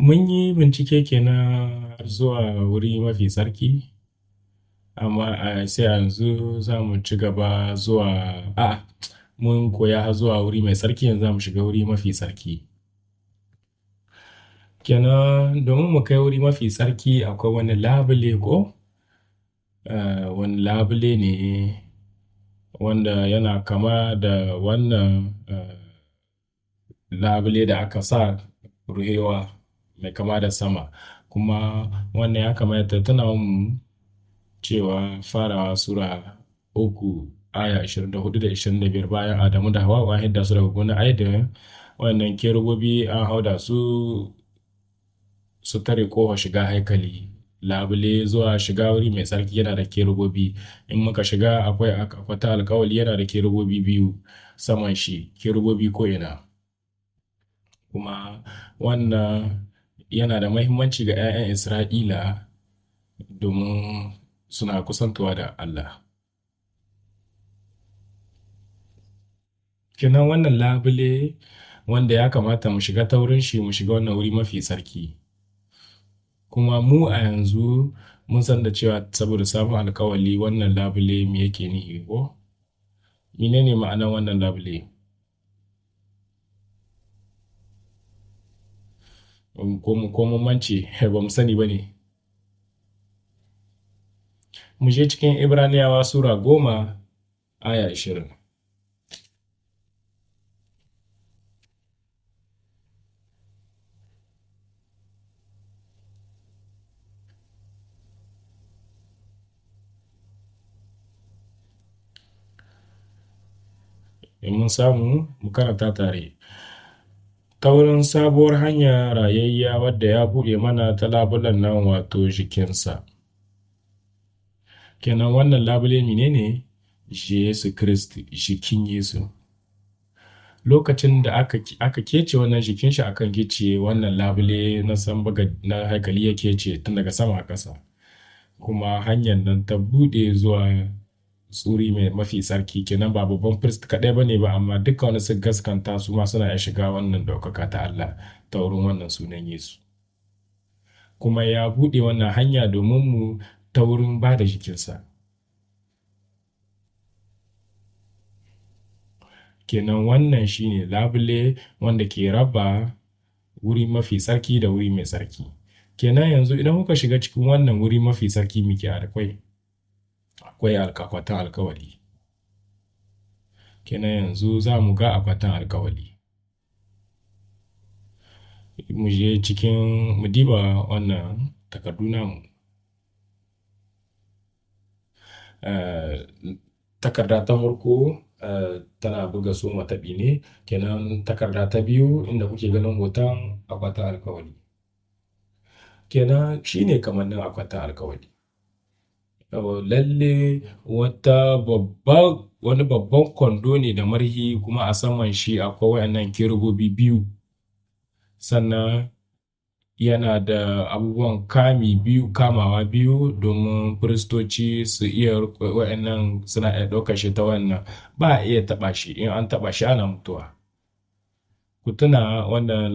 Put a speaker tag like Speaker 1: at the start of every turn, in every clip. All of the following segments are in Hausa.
Speaker 1: Mun yi bincike kenan har zuwa wuri mafi tsarki, amma a sai yanzu za mu ci gaba zuwa a'a, mun koya har zuwa wuri mai tsarki, yanzu za mu shiga wuri mafi tsarki. Kenan domin mu kai wuri mafi tsarki akwai wani labule ko? wani labule ne wanda yana kama da wannan, labule da aka sa ruhewa. mai kama da sama kuma wannan ya kamata ya mu cewa farawa sura uku aya 24 da 25 bayan Adamu da Hawa wa hidda su daga gona aida wannan kerubobi an hauda su su tare kofa shiga haikali labule zuwa shiga wuri mai tsarki yana da kerubobi in muka shiga akwai akwata alkawali yana da kerubobi biyu saman shi kerubobi ko ina kuma wannan yana da mahimmanci ga 'ya'yan Isra'ila domin suna kusantowa da Allah. Kinan wannan labule wanda ya kamata mu shiga taurin shi mu shiga wannan wuri mafi tsarki. Kuma mu a yanzu mun san da cewa saboda samun alkawali wannan labule me yake nihi ko? ne ma'anar wannan labule? ko mun manci, ba mu sani ba ne mu je cikin ibraniyawa sura goma aya ashirin in mun samu mu karanta tare ta wurin sabuwar hanya rayayya wadda ya buɗe mana ta labulen nan wato jikinsa kenan wannan labule menene Yesu Kiristi jikin Yesu lokacin da aka aka kece wannan jikin shi akan gice wannan labule na sambaga na haikali ya kece tun daga sama a ƙasa kuma hanyar nan ta buɗe zuwa tsuri mai mafi tsarki kenan ba babban firist kaɗai ba ne ba amma duka wani su gaskanta su ma suna iya shiga wannan ɗaukaka ta Allah ta wurin wannan sunan Yesu. Kuma ya buɗe wannan hanya domin mu ta wurin ba da jikinsa. Kenan wannan shine labule wanda ke raba wuri mafi tsarki da wuri mai tsarki. Kenan yanzu idan kuka shiga cikin wannan wuri mafi tsarki muke akwai. akwai akwatin alkawali kenan yanzu za mu ga akwatin alkawali mu je cikin mu diba wannan takardu namu eh, takarda ta farko eh, tana buga so mataɓi ne kenan takarda ta biyu inda kuke ganin hoton akwatin alkawali kenan shine kamannin akwatin alkawali lalle wata babban wani babban kwando ne da marhi kuma a saman shi akwai wayannan kerubobi biyu sannan yana da abubuwan kami biyu kamawa biyu domin firistoci su iya wayannan suna iya ɗaukar shi ta wannan ba a iya taɓa shi in an taɓa shi ana mutuwa ku tuna wannan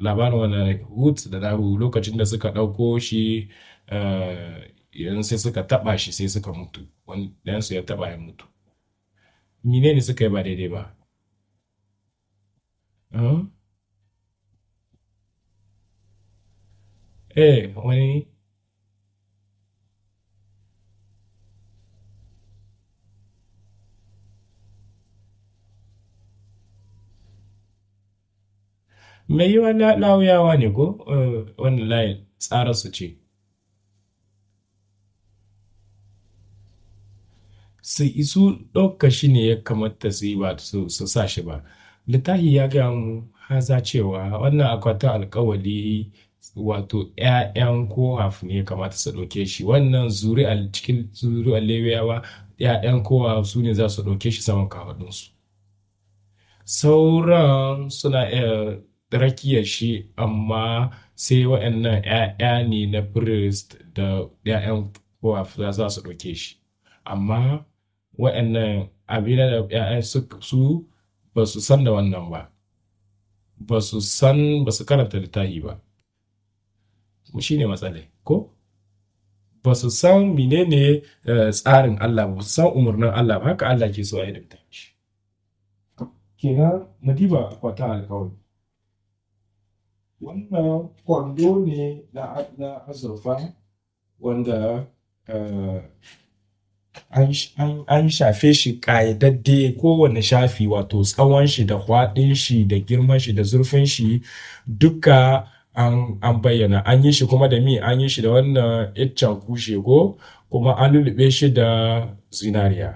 Speaker 1: labarin wannan hut da dahu lokacin da suka ɗauko shi eh, idan sai suka taba shi sai suka mutu wani ɗansu ya taba ya mutu mine ne suka yi ba daidai ba eh wani mai yi wani lauyawa ne ko eh, wani layin tsararsu ce su ɗauka shi ne ya kamata su yi ba su sa shi ba littafi ya gaya mu haza cewa wannan akwatin alkawali wato 'ya'yan kohaf ne ya kamata su ɗauke shi wannan a cikin a lewiyawa 'ya'yan kohaf su ne za su ɗauke shi saman kafaɗinsu sauran suna iya rakiya shi amma sai waɗannan 'ya'ya ne na firist da 'ya'yan kohaf za su ɗauke shi amma wa'annan abin da ‘ya'yan su ba su san da wannan ba ba su san ba su karanta littafi ba shi ne matsalai ko ba su san menene eh, tsarin Allah ba su san umarnin Allah ba haka Allah ke so a yi da mutum shi kenan madiba kwata alkawari wannan kwando ne na azurfa wanda eh, an shafe shi ƙayyadadde kowane shafi wato tsawon shi da kwaɗin shi da girman shi da zurfin shi duka an bayyana an yi shi kuma da mi an yi shi da wannan iccen kushe ko kuma an lulluɓe shi da zinariya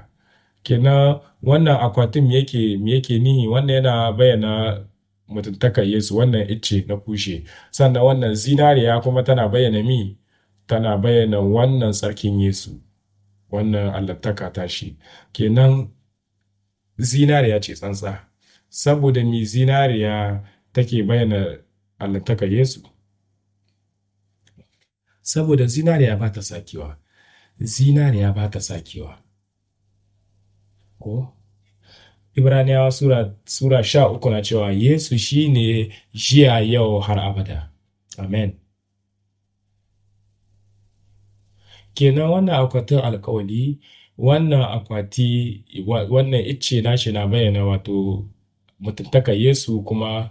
Speaker 1: kenan wannan akwatin yake yake nihi wannan yana bayyana mutuntakar yesu wannan icce na kushe sannan wannan zinariya kuma tana bayyana mi tana bayyana wannan tsarkin yesu wannan allantaka ta shi kenan zinariya ce tsantsa saboda mi zinariya take bayyana allantaka yesu saboda zinariya ba ta sakewa zinariya ba ta sakewa ko ibraniyawa sura, sura sha uku na cewa yesu shi ne jiya yau har abada amen kenan wannan akwatin alkawali wannan akwati wannan icce nashi na bayyana wato mutuntaka Yesu kuma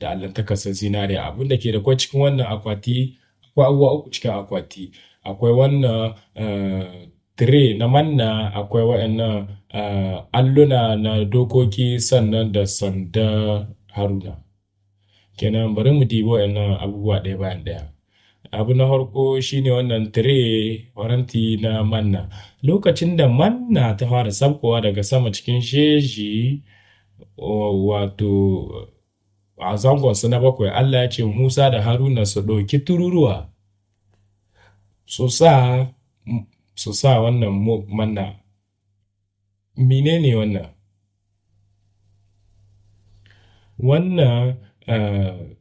Speaker 1: da allantakarsa zinariya abin da ke da kwa cikin wannan akwati akwai abubuwa uku cikin akwati akwai wannan eh, tire na manna akwai waannan eh, alluna na dokoki sannan da sanda haruna kenan bari mu dibi waɗannan abubuwa ɗaya bayan ɗaya Abu na farko shine wannan tire faranti na manna. Lokacin da manna ta fara sabkowa daga sama cikin sheji wato a zangonsu na bakwai Allah ya ce Musa da Haruna su ɗauki tururuwa su sa wannan manna. Menene wannan? Wannan eh,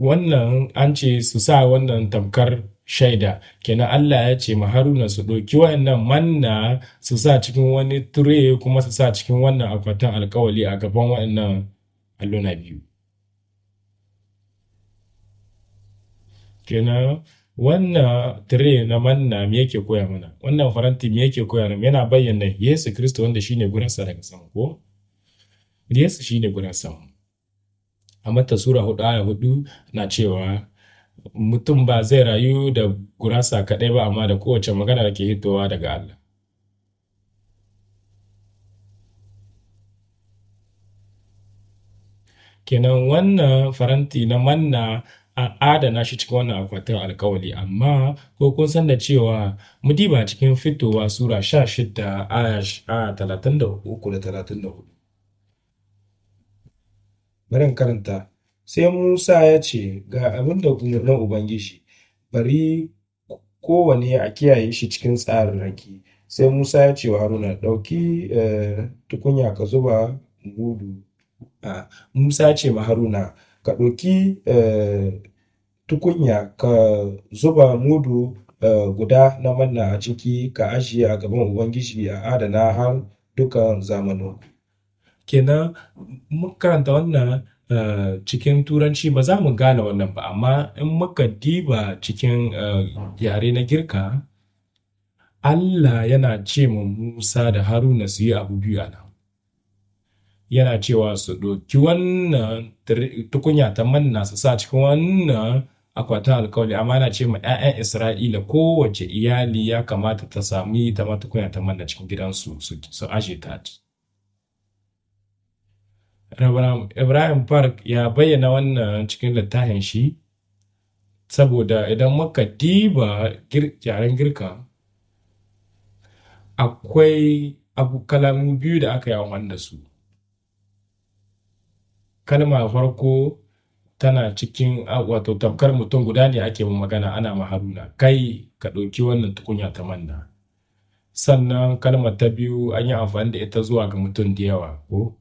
Speaker 1: wannan an ce su sa wannan tamkar shaida kenan Allah ya ce ma Haruna su ɗauki wannan manna su sa cikin wani ture kuma su sa cikin wannan akwatin alkawali a gaban wannan alluna biyu kenan wannan tire na manna me yake koya mana wannan faranti me yake koya mana yana bayyana Yesu Kristo wanda shine gurinsa daga sama ko Yesu shine gurin sama a mata Sura hudu aya hudu na cewa mutum ba zai rayu da gurasa kaɗai ba amma da kowace magana da ke hitowa daga Allah. Kenan wannan faranti na manna an adana shi cikin wannan akwatin alkawali amma ko kun san da cewa mudiba cikin fitowa sura 16 aya 33 da 34. bari in karanta sai Musa ya ce ga abin da umarnin Ubangiji bari kowane a kiyaye shi cikin tsararraki sai Musa ya ce wa Haruna ɗauki eh, tukunya ka zuba gudu a Musa ya ce ma Haruna ka ɗauki eh, tukunya ka zuba mudu eh, guda na manna a ciki ka ajiye a gaban Ubangiji a adana har dukan zamanin kenan muka karanta wannan eh, cikin turanci ba za mu gane wannan ba amma in muka diba cikin eh, yare na girka Allah yana ce ma Musa da Haruna su yi abu biyu nan yana cewa su ɗauki wannan tukunya ta manna su sa cikin wannan akwatin alkawali amma yana ce ma 'ya'yan Isra'ila kowace iyali ya kamata ta sami ta tukunya ta manna cikin gidansu su ajiye ta ashe ta Ibrahim Park ya bayyana wannan cikin littafin shi, saboda idan muka diba yaren girka, akwai abu kalamu biyu da aka yi wanda su. Kalma farko tana cikin wato tamkar mutum guda ne ake magana ana ma Haruna, kai ka ɗauki wannan tukunya ta manna. Sannan kalmar ta biyu an yi amfani da ita zuwa ga mutum da yawa ko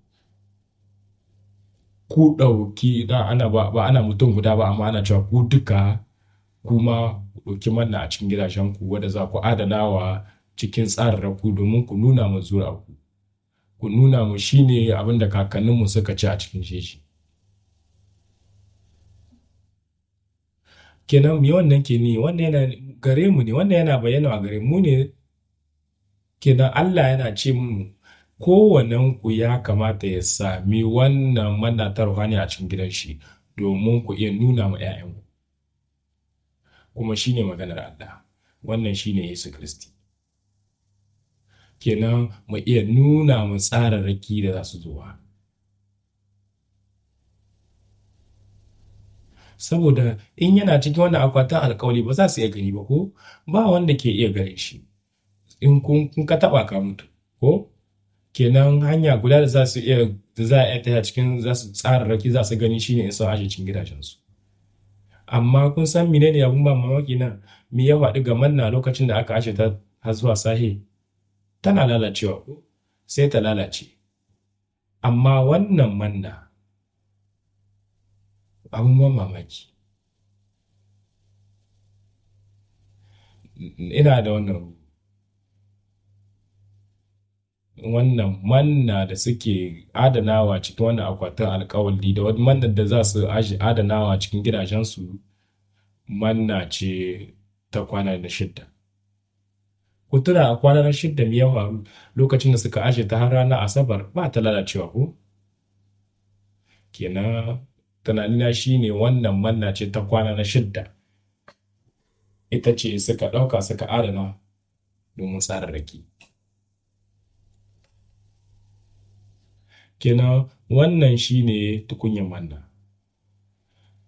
Speaker 1: ku ɗauki dan ana ba ana mutum guda ba amma ana cewa ku duka kuma ku ɗauki manna a cikin gidajen ku wanda za ku adanawa cikin tsararraku domin ku nuna mu zura ku ku nuna mu shine abin da kakanninmu suka ci a cikin shi kenan me wannan ke ni wannan yana gare mu ne wannan yana bayyana a gare mu ne kenan Allah yana ce mu Kowannan ku ya kamata ya sami wannan manna ta a cikin gidan shi domin ku iya nuna ma 'ya'yanku kuma shi ne maganar Allah wannan shi ne Yesu Kiristi. kenan mu iya nuna mu tsararraki da za su zuwa saboda in yana cikin wannan akwatin alkawali ba za su iya gani ba ko ba wanda ke iya gani shi in kun ka taba ka mutu ko kenan hanya guda da za su iya da za a iya cikin za su tsararraki za su gani shine in sun aje cikin gidajensu amma kun san menene abun ba mamaki na me ya faɗi ga manna lokacin da aka ashe ta har zuwa sahi. tana lalacewa ko sai ta lalace amma wannan manna abun ban mamaki ina da wannan wannan manna da suke adanawa cikin wannan akwatin alkawali da wani da za su adanawa cikin gidajensu manna ce ta kwana da shidda ku tuna a kwanar shidda me yawa lokacin da suka aje ta har ranar asabar ba ta lalacewa ko kenan tunanina shi ne wannan manna ce ta kwana na shidda ita ce suka ɗauka suka adana domin tsararraki kenan wannan shine tukunyan manna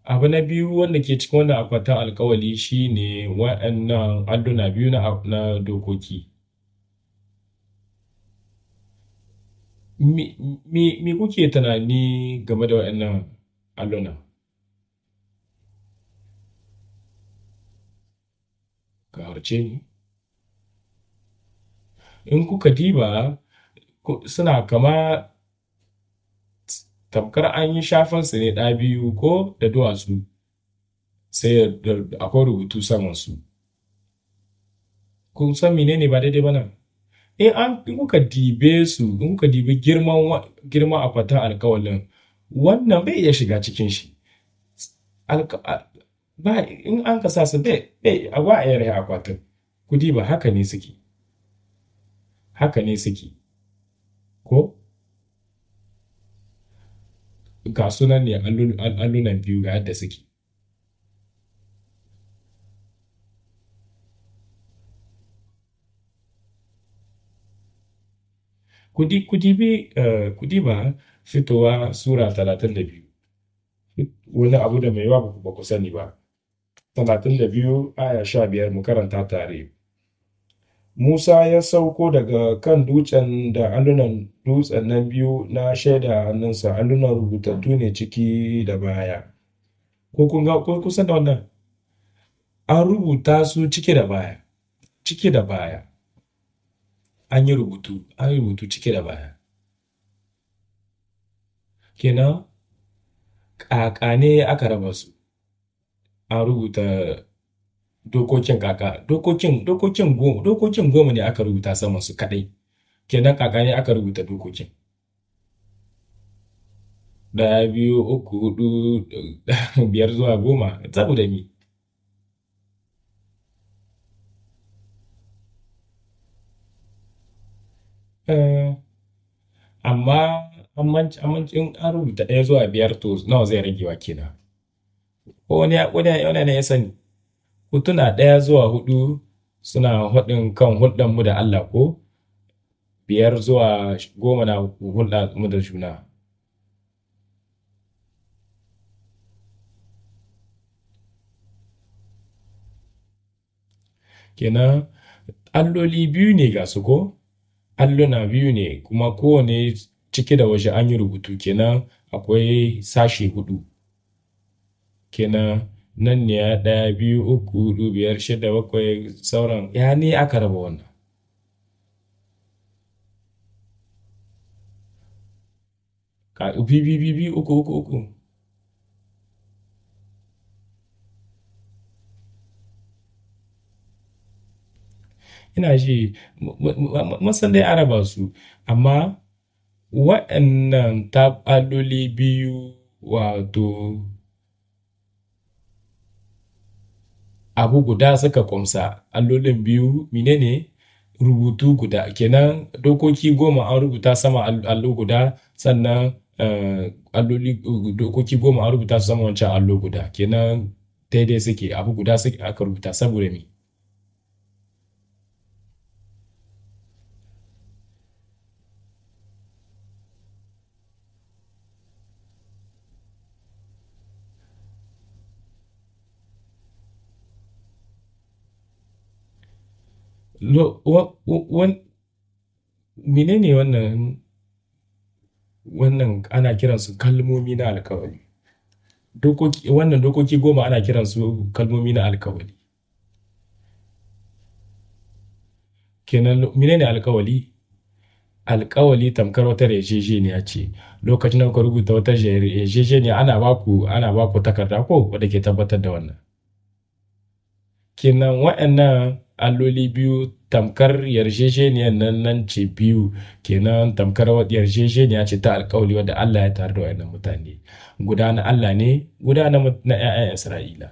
Speaker 1: abu na biyu wanda ke cikin wannan akwatin alkawali shine waɗannan alluna biyu na dokoki me kuke tunani game da waɗannan alluna ka harce ni in kuka diba suna kama tamkar an yi shafansu ne ɗa biyu ko da duwatsu sai akwai rubutu samansu kun san mine ne ba daidai ba nan in an kuka dibe su in kuka dibe girman akwatin alkawalin wannan bai iya shiga cikin shi in an ka sa su bai bai a a yare akwatin kudi ba haka ne suke haka ne suke ko ga sunan ne allunan biyu ga yadda suke kudi kudi bi eh, kudi ba fitowa sura talatin da biyu wani abu da mai yawa ba ku sani ba talatin da biyu aya sha biyar mu karanta tare Musa ya sauko daga kan dutsen da allunan dutsen nan biyu na shaida hannunsa, allunan rubutattu ne ciki da baya. Ko kun ga ko kusan da wannan? An rubuta su ciki da baya, ciki da baya. An yi rubutu, an yi rubutu ciki da baya. Kenan, kakane aka raba su, an rubuta dokokin kaka dokokin dokokin goma dokokin goma ne aka rubuta saman su kadai kenan kaka ne aka rubuta dokokin daya biyu uku hudu biyar zuwa goma da mi eh, amma amincin an rubuta ɗaya zuwa biyar to nawa zai ragewa kenan ko wani wani ne ya sani hutuna ɗaya zuwa huɗu suna haɗin kan hulɗanmu da Allah ko biyar zuwa goma na hulɗanmu da juna. Kenan alloli biyu ne ga su ko? Alluna biyu ne kuma kowane cike da waje an yi rubutu kenan akwai sashe hudu Kenan nan ya ɗaya biyu uku hudu biyar shida bakwai sauran ya ne aka raba wannan bi uku uku uku ina shi masan dai araba su amma waɗannan taɓaloli biyu wato abu guda suka kumsa allolin biyu menene rubutu guda kenan dokoki goma an rubuta sama allo guda sannan eh, alloli dokoki goma an rubuta su sama wancan allo guda kenan daidai suke abu guda suke aka rubuta saboda me menene wannan wannan ana kiransu kalmomi na alkawari wannan dokoki goma ana kiransu kalmomi na alkawari kenan menene alkawali alkawali tamkar wata yarjejeniya ce lokacin da kuka rubuta wata yarjejeniya ana baku ana baku takarda ko wadda ke tabbatar da wannan kenan waɗannan alloli biyu tamkar yarjejeniyar nan nan ce biyu kenan tamkar yarjejeniya ce ta alkawali wadda Allah ya tare da wayannan mutane guda na Allah ne guda na 'ya'yan Isra'ila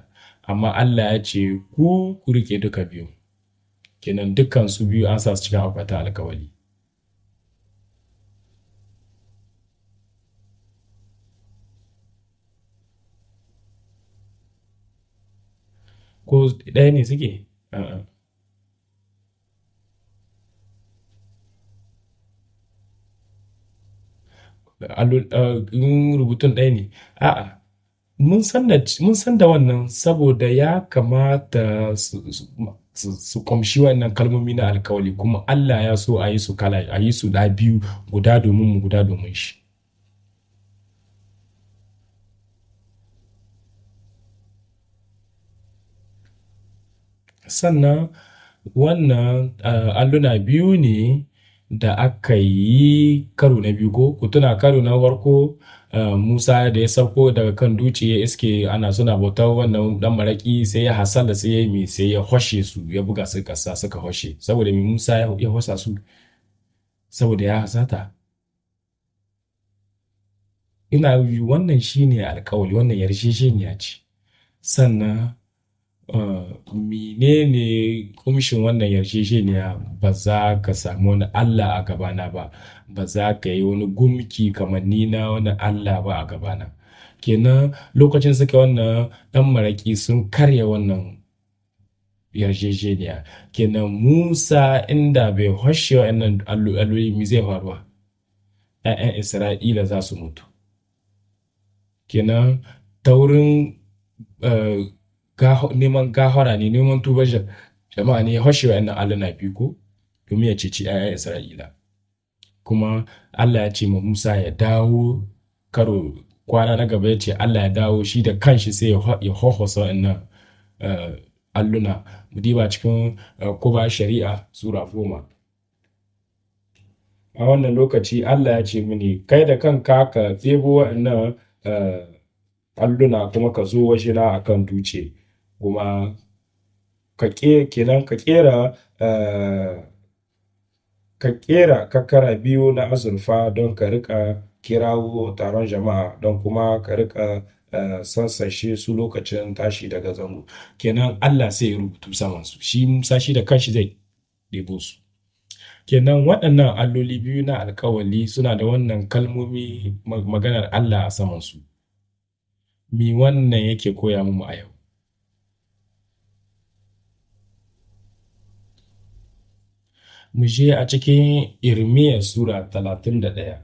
Speaker 1: amma Allah ya ce ku ku rike duka biyu kenan dukkan su biyu an sa su cikin akwatin alkawali ko ɗaya ne suke? A'a. Uh, in rubutun ɗaya ne a'a mun san da wannan saboda ya kamata su kwamshi wannan kalmomi na alkawali kuma Allah ya so a yi su kala a yi su da biyu guda domin mu guda domin shi sannan wannan uh, alluna biyu ne da aka yi karo na biyu ko ku tuna karo na farko eh, musa da ya sauko daga kan duce ya iske ana suna bautar wannan dan maraki sai ya hasala sai ya mi sai ya hoshe su ya buga su kasa suka hoshe saboda mi musa ya hosa su saboda ya hasata ina yi wannan shine alkawali wannan yarjejeniya ce sannan menene kumshin wannan yarjejeniya ba za ka samu wani Allah a gabana ba ba za ka yi wani gumki kamar ni na wani Allah ba a gabana kenan lokacin suka wannan ɗan maraƙi sun karya wannan yarjejeniya kenan Musa inda bai hoshe wa'annan alloli mi zai faruwa ‘ya'yan Isra'ila za su mutu kenan taurin eh, neman gahara ne neman tubar jama'a ne ya hoshe Allah alluna biyu ko domin ya ceci 'ya'yan isra'ila kuma allah ya ce ma musa ya dawo karo kwana na gaba ya ce allah ya dawo shi da kanshi sai ya hohosa wa'annan eh, alluna mu diba cikin kuba eh, shari'a sura goma a wannan lokaci allah ya ce mini kai da kanka ka tsebo wa'annan eh, alluna kuma ka zo a kan duce kuma ka kenan ka ƙera eh, ka ƙera kakkara biyu na azurfa don ka riƙa kirawo taron jama'a don kuma ka rika eh, sassashe su lokacin tashi daga zango kenan Allah sai ya rubutu saman su shi Musa shi da kanshi zai ɗebo su kenan waɗannan alloli biyu na alkawali suna da wannan kalmomi maganar Allah a saman su me wannan yake koya mu a yau mu je a cikin Irmiya Sura talatin da ɗaya.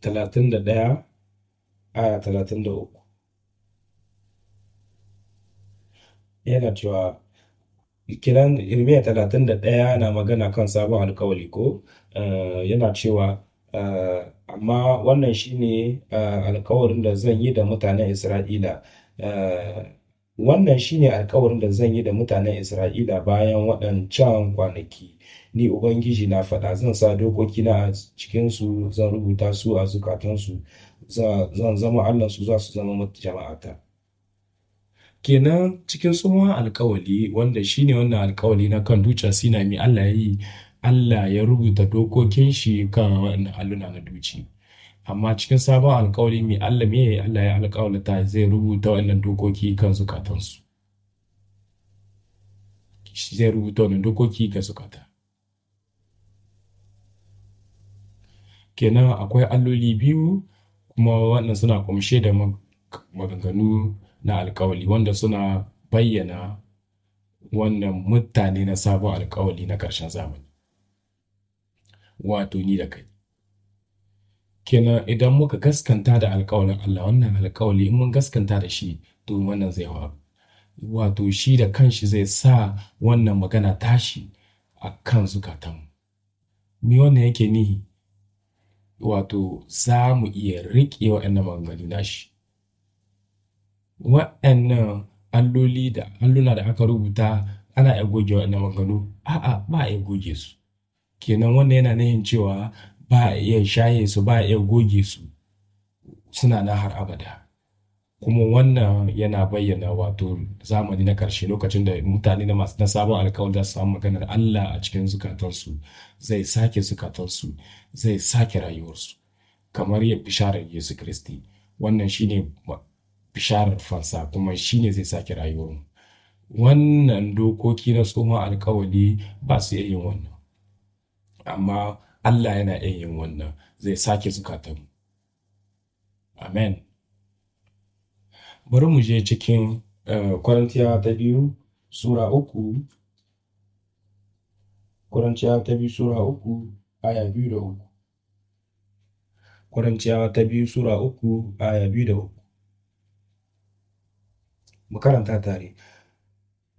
Speaker 1: Talatin da ɗaya, aya talatin da uku. Yana cewa kiran Irmiya talatin da ɗaya na magana kan sabon alkawali ko eh, yana cewa Eh, amma wannan shine eh, alkawarin da zan yi da mutanen Isra'ila eh, wannan shine alkawarin da zan yi da mutanen Isra'ila bayan waɗancan kwanaki ni ubangiji na faɗa zan sa dokokina a cikinsu zan rubuta su a zukatansu zan zama Allahnsu za su zama jama'ata kenan cikin tsohon alkawali wanda shine wannan alkawali na kan dutsen sinami Allah ya yi Allah ya rubuta dokokin shi kan wannan alluna na duci amma cikin sabon alkawari mai Allah me Allah ya alkawarta zai rubuta wannan dokoki kan zukatansu zai rubuta wannan dokoki ga zukata kenan akwai alloli biyu kuma wannan suna kumshe da maganganu na alkawali wanda suna bayyana wannan mutane na sabon alkawali na ƙarshen zamani wato ni da kai kenan idan muka gaskanta da alkawalin Allah wannan alkawali in mun gaskanta da shi to wannan zai faru wato shi da kanshi zai sa wannan magana tashi a kan zukatan me wannan yake ni wato za mu iya riƙe waɗannan maganganu nashi waɗannan alloli da alluna da aka rubuta ana iya goge waɗannan maganganu a'a ba a iya goge su kenan wannan yana nufin cewa ba a iya shaye su ba a iya goge su suna na har abada kuma wannan yana bayyana wato zamani na karshe lokacin da mutane na masu sabon alkawar za su samu maganar Allah a cikin zukatansu zai sake zukatansu zai sake rayuwarsu kamar ya bisharar Yesu Kiristi wannan shine bisharar fansa kuma shine zai sake rayuwarmu wannan dokoki na tsohon alkawali ba su iya yin wannan amma Allah yana iya yin wannan zai sake zukatanmu amen bari mu je cikin eh, korintiya ta biyu sura uku korintiya ta biyu sura uku aya biyu da uku Korintiya ta biyu Sura uku aya biyu da uku. Mu karanta tare.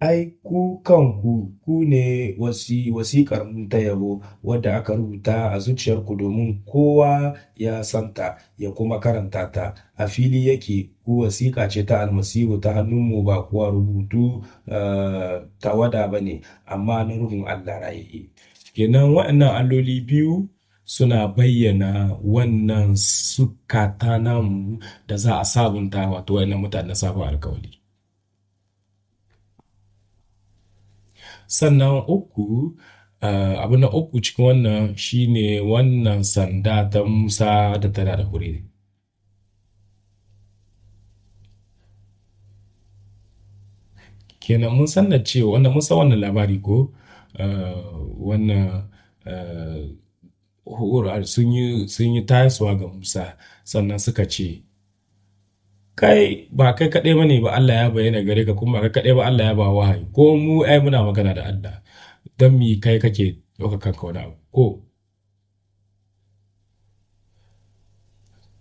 Speaker 1: Ai ku kanku ku ne wasiƙar mun ta yabo wadda aka rubuta a zuciyarku domin kowa ya santa ya kuma karanta ta, a fili yake ku wasiƙa ce ta almasihu ta hannunmu ba kuwa eh, ta tawada ba ne amma na ruhun Allah rayayye. Kenan waɗannan alloli biyu suna bayyana wannan sukata namu da za a sabunta wato waɗannan mutane sabon alkawali. sannan uku uh, abu na uku cikin wannan shine wannan sanda ta musa da tana da hure kenan mun san da cewa wanda mun wannan labari ko uh, wannan uh, sun yi tayaswa ga musa sannan suka ce kai ba kai kaɗai ba ne ba Allah ya bayyana gare ka kuma kai kaɗai ba Allah ya ba wahayi ko mu ai muna magana da Allah don mi kai kake ɗauka kanka wani abu ko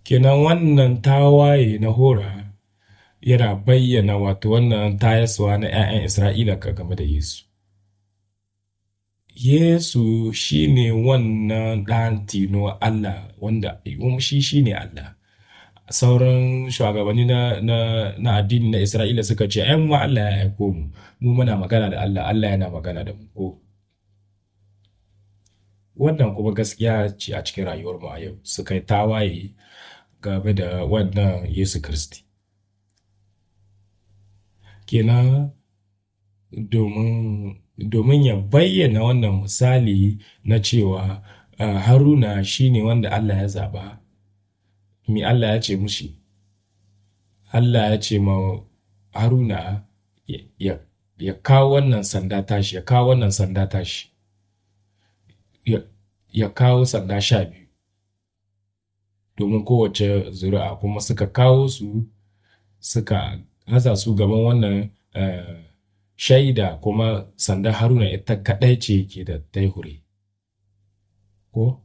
Speaker 1: kenan wannan tawaye na hora yana bayyana wato wannan tayaswa na 'ya'yan Isra'ila ka game da Yesu Yesu shi ne wannan ɗan tino Allah wanda shi shi ne Allah. sauran shugabanni na, na, na addini na Isra'ila suka ce ai mu Allah ya aiko mu mu muna magana da Allah Allah yana magana da mu ko wannan kuma gaskiya ce a cikin rayuwar mu a yau suka yi tawaye game da wannan Yesu Kristi kenan domin domin ya bayyana wannan misali na cewa ah, Haruna shine wanda Allah ya zaba me Allah ya ce mushi Allah ya ce ma Haruna ya, kawo wannan sanda tashi ya kawo wannan sanda tashi ya, kawo sanda sha biyu domin kowace zuri'a kuma suka kawo su suka haza su gaban wannan eh, shaida kuma sanda haruna ita kaɗai ce ke da taihuri ko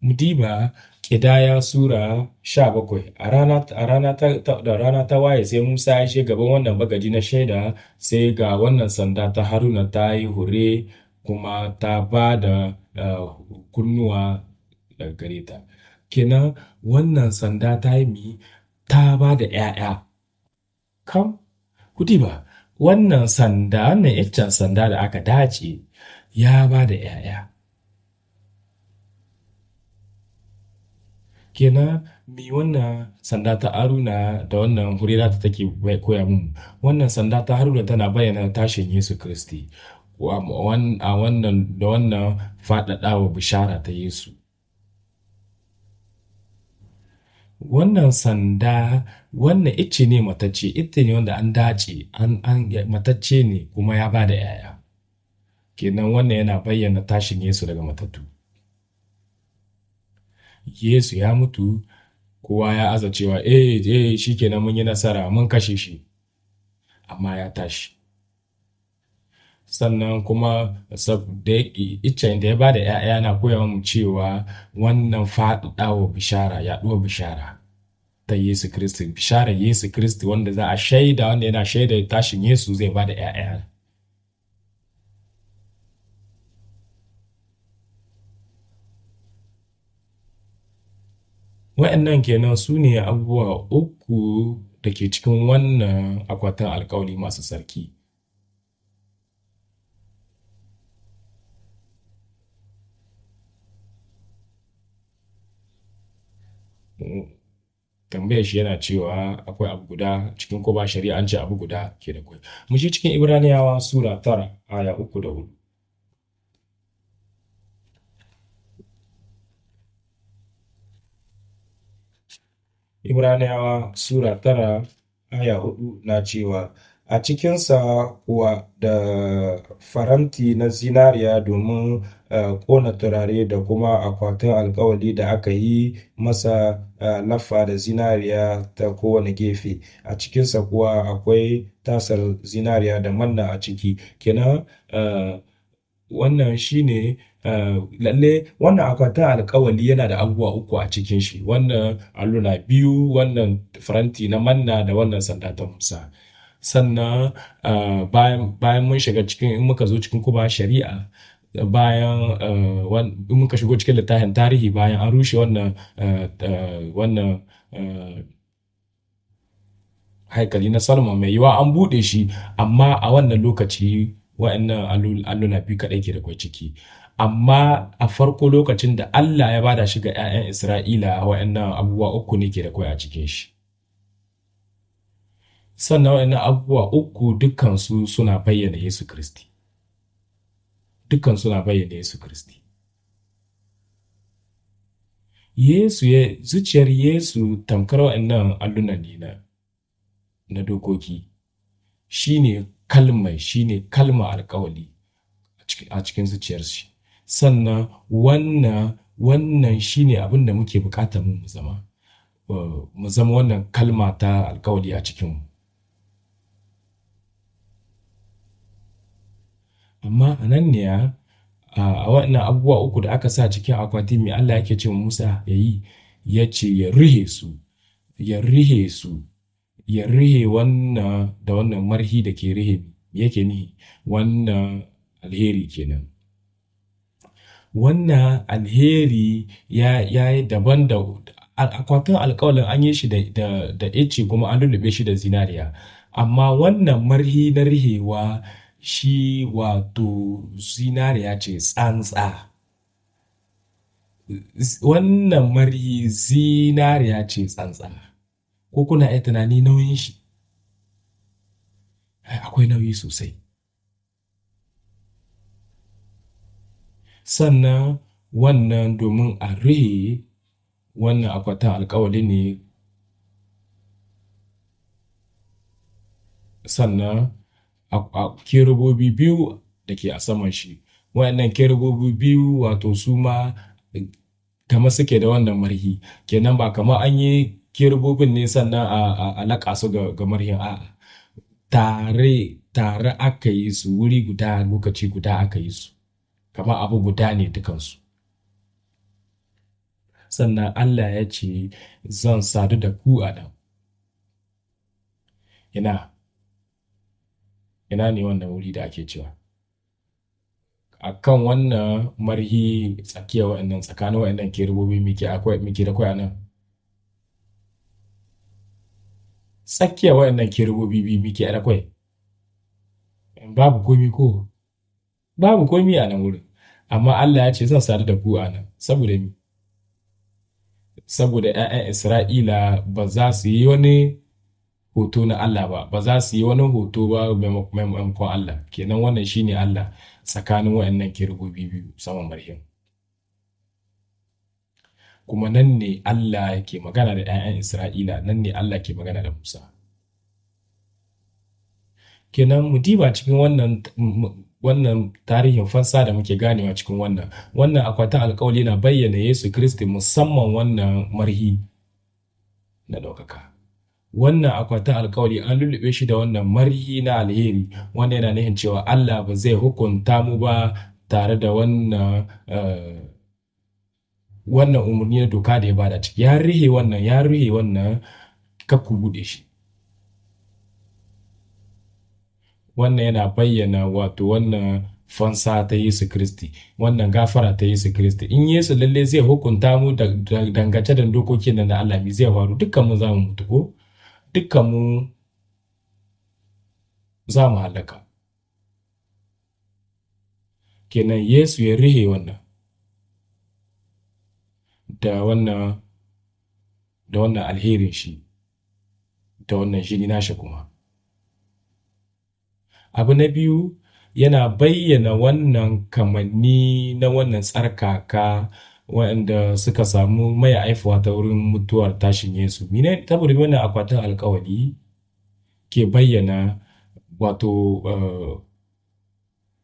Speaker 1: Mudiba ƙida ya Sura sha bakwai a rana, ta, da rana ta waye sai Musa ya she gaban wannan bagaji na shaida sai ga wannan sanda ta Haruna ta yi hure kuma ta ba da kunnuwa daga gare ta kenan wannan sanda ta yi mi ta ba da ‘ya'ya kam kudi ba wannan sanda wannan iccen sanda da aka dace ya ba da ‘ya'ya kenan mi wannan sanda ta aruna da wannan hurera ta take koya mun wannan sanda ta haruna tana bayyana tashin yesu kristi a wannan da wannan faɗaɗawa bishara ta yesu wannan sanda wannan icce ne matacce ita ne wanda an dace an matacce ne kuma ya ba da 'ya'ya kenan wannan yana bayyana tashin yesu daga matattu Yesu ya mutu kowa ya aza cewa eh eh shikenan mun yi nasara mun kashe shi amma ya tashi sannan kuma saboda iccen da ya bada da ‘ya'ya na koya mu cewa wannan faɗaɗawa bishara yaɗuwa bishara ta Yesu kristi bishara Yesu kristi wanda za a shaida wanda yana shaida tashin Yesu zai bada da ‘ya'ya Waɗannan kenan su ne abubuwa uku da ke cikin wannan akwatin alkawali masu sarki. tambayar shi yana cewa akwai abu guda cikin ko ba shari'a an ce abu guda ke da kwai mu shi cikin ibraniyawa sura tara aya uku da hudu Ibraniyawa Sura tara aya hudu na cewa, A cikinsa kuwa da faranti na zinariya domin eh, ƙona turare da kuma akwatin alkawali da aka yi masa laffa eh, da zinariya ta kowane gefe, a cikinsa kuwa akwai tasar zinariya da manna a ciki. Kenan eh, wannan shine ne Eh, lalle wannan akwatin alkawali yana da abubuwa uku a cikin shi wannan alluna biyu wannan faranti na manna da wannan sanda ta musa sannan eh, bayan mun shiga cikin in muka zo cikin kuma shari'a bayan eh, in muka shigo cikin littafin tarihi bayan an rushe wannan wannan haikali na salma mai yiwa an buɗe shi amma a wannan lokaci wa'annan alluna biyu kaɗai ke da kwai ciki amma a farko lokacin da Allah ya bada shi ga 'ya'yan Isra'ila waɗannan abubuwa uku ne ke da kwai a cikin shi sannan abubuwa uku dukansu suna bayyana Yesu Kiristi suna bayyana Yesu Kiristi ya zuciyar Yesu tamkar waɗannan alluna ne na na dokoki shine kalmai shine kalma alkawali a cikin zuciyar shi sannan wannan wannan shine abin da muke bukatar mu zama eh, mu zama wannan kalma ta alkawali a cikinmu amma a nan ne a wannan abubuwa uku da aka sa cikin akwati mai Allah yake ce Musa ya yi ya ce ya rihe su ya rihe su ya rihe wannan da wannan marhi da ke rihe yake ni wannan alheri kenan wannan alheri ya yi daban da akwatin alkawalin an yi shi da ice kuma an lullube shi da zinariya amma wannan marhi na rihewa shi wato zinariya ce tsantsa wannan marhi zinariya ce tsantsa ko kuna iya tunani nauyin shi akwai nauyi sosai sannan wannan domin a rihe wannan akwatin alkawali ne sannan a kerubobi biyu da ke a saman shi waɗannan kerubobi biyu wato su ma kama suke da wannan marhi kenan ba kama an yi kerubobin ne sannan a laƙa su ga marhin a'a tare tare aka yi su wuri guda lokaci guda aka yi su kamar abu guda ne dukansu sannan Allah ya ce zan sadu da ku a nan ina ina ne wannan wuri da ake cewa a kan wannan marhi tsakiyar wa'annan tsakanin wa'annan kerubobi muke akwai muke da kwaya nan tsakiyar wa'annan kerubobi bi muke da kwai babu komi ko babu komi a nan wurin amma Allah ya ce zan sadu da ku a nan saboda mi saboda ‘ya'yan Isra'ila ba za su yi wani hoto na Allah ba ba za su yi wani hoto ba maimakon Allah kenan wannan shine Allah tsakanin waɗannan kirgobi biyu saman marhim kuma nan ne Allah ke magana da ‘ya'yan Isra'ila nan ne Allah ke magana da Musa kenan mu diba cikin wannan wannan tarihin fansa da muke ganewa cikin wannan wannan akwatin alkawali na bayyana yesu kristi musamman wannan marhi na ɗaukaka wannan akwatin alkawali an lullube shi da wannan marhi na alheri wanda yana nufin cewa allah ba zai hukunta mu ba tare da wannan eh, wannan umarni na doka da ya bada ciki ya rihe wannan ya rihe wannan kakku buɗe shi wannan yana bayyana wato wannan fansa ta Yesu Kristi wannan gafara ta Yesu Kristi in Yesu lalle zai hukunta mu dangace da dokokin da na Allah mai zai faru dukkan mu za mu mutu ko dukkan mu za mu halaka kenan Yesu ya rihe wannan da wannan da wannan alherin shi da wannan shi nashi kuma Abu na biyu, yana bayyana wannan kamanni na wannan tsarkaka waɗanda suka samu mai aifuwa ta wurin mutuwar tashin Yesu. Mene saboda wannan akwatin alkawari ke bayyana wato eh,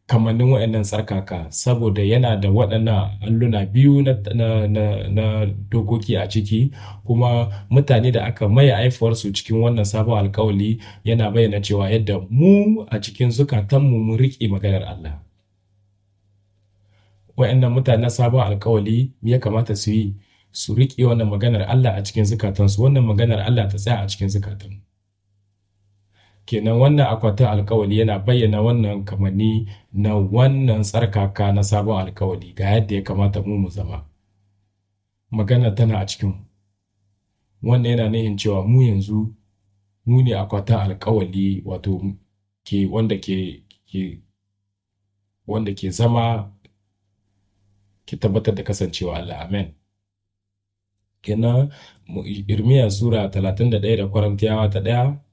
Speaker 1: kamannin waɗannan tsarkaka saboda yana da waɗannan alluna biyu na, na, na, na dokoki a ciki kuma mutane da aka maye haifuwarsu cikin wannan sabon alkawali yana bayyana cewa yadda mu a cikin zukatanmu mun riƙe maganar Allah waɗannan mutanen sabon alkawali ya kamata su yi su riƙe wannan maganar Allah a cikin zukatansu wannan maganar Allah ta tsaya a cikin zukatanmu kenan wannan akwatin alkawali yana bayyana wannan kamanni na wannan tsarkaka na sabon alkawali ga yadda ya kamata mu mu zama magana tana a cikin wannan yana nihin cewa mu yanzu mu ne akwatin alkawali wato ke wanda ke, ke wanda ke zama ki tabbatar da kasancewa Allah amen kenan Irmiya Sura 31 da korintiyawa ta 1.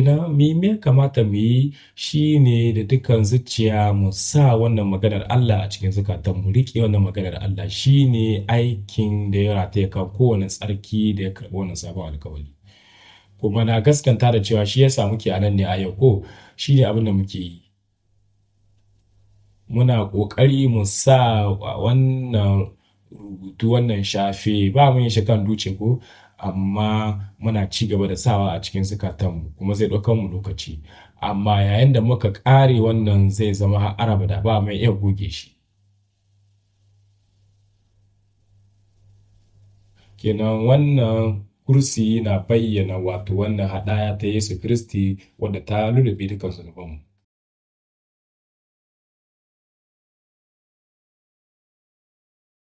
Speaker 1: mi me kamata mu yi shi ne da dukkan zuciya mu sa wannan maganar Allah a cikin zukatan mu riƙe wannan maganar Allah shi ne aikin da ya ya kan kowane tsarki da ya karbi wannan sabon alkawali. Kuma na gaskanta da cewa shi yasa muke a nan ne a yau ko shi ne abin da muke yi. Muna ƙoƙari mu sa wannan rubutu wannan shafe ba mu yin shi kan duce ko amma muna ci gaba da sawa a cikin zukatanmu kuma zai ɗaukan mu lokaci amma yayin da muka ƙare wannan zai zama araba da ba mai iya goge shi kenan wannan kursi na bayyana wato wannan hadaya ta yesu kiristi wadda ta lullube dukan zunubanmu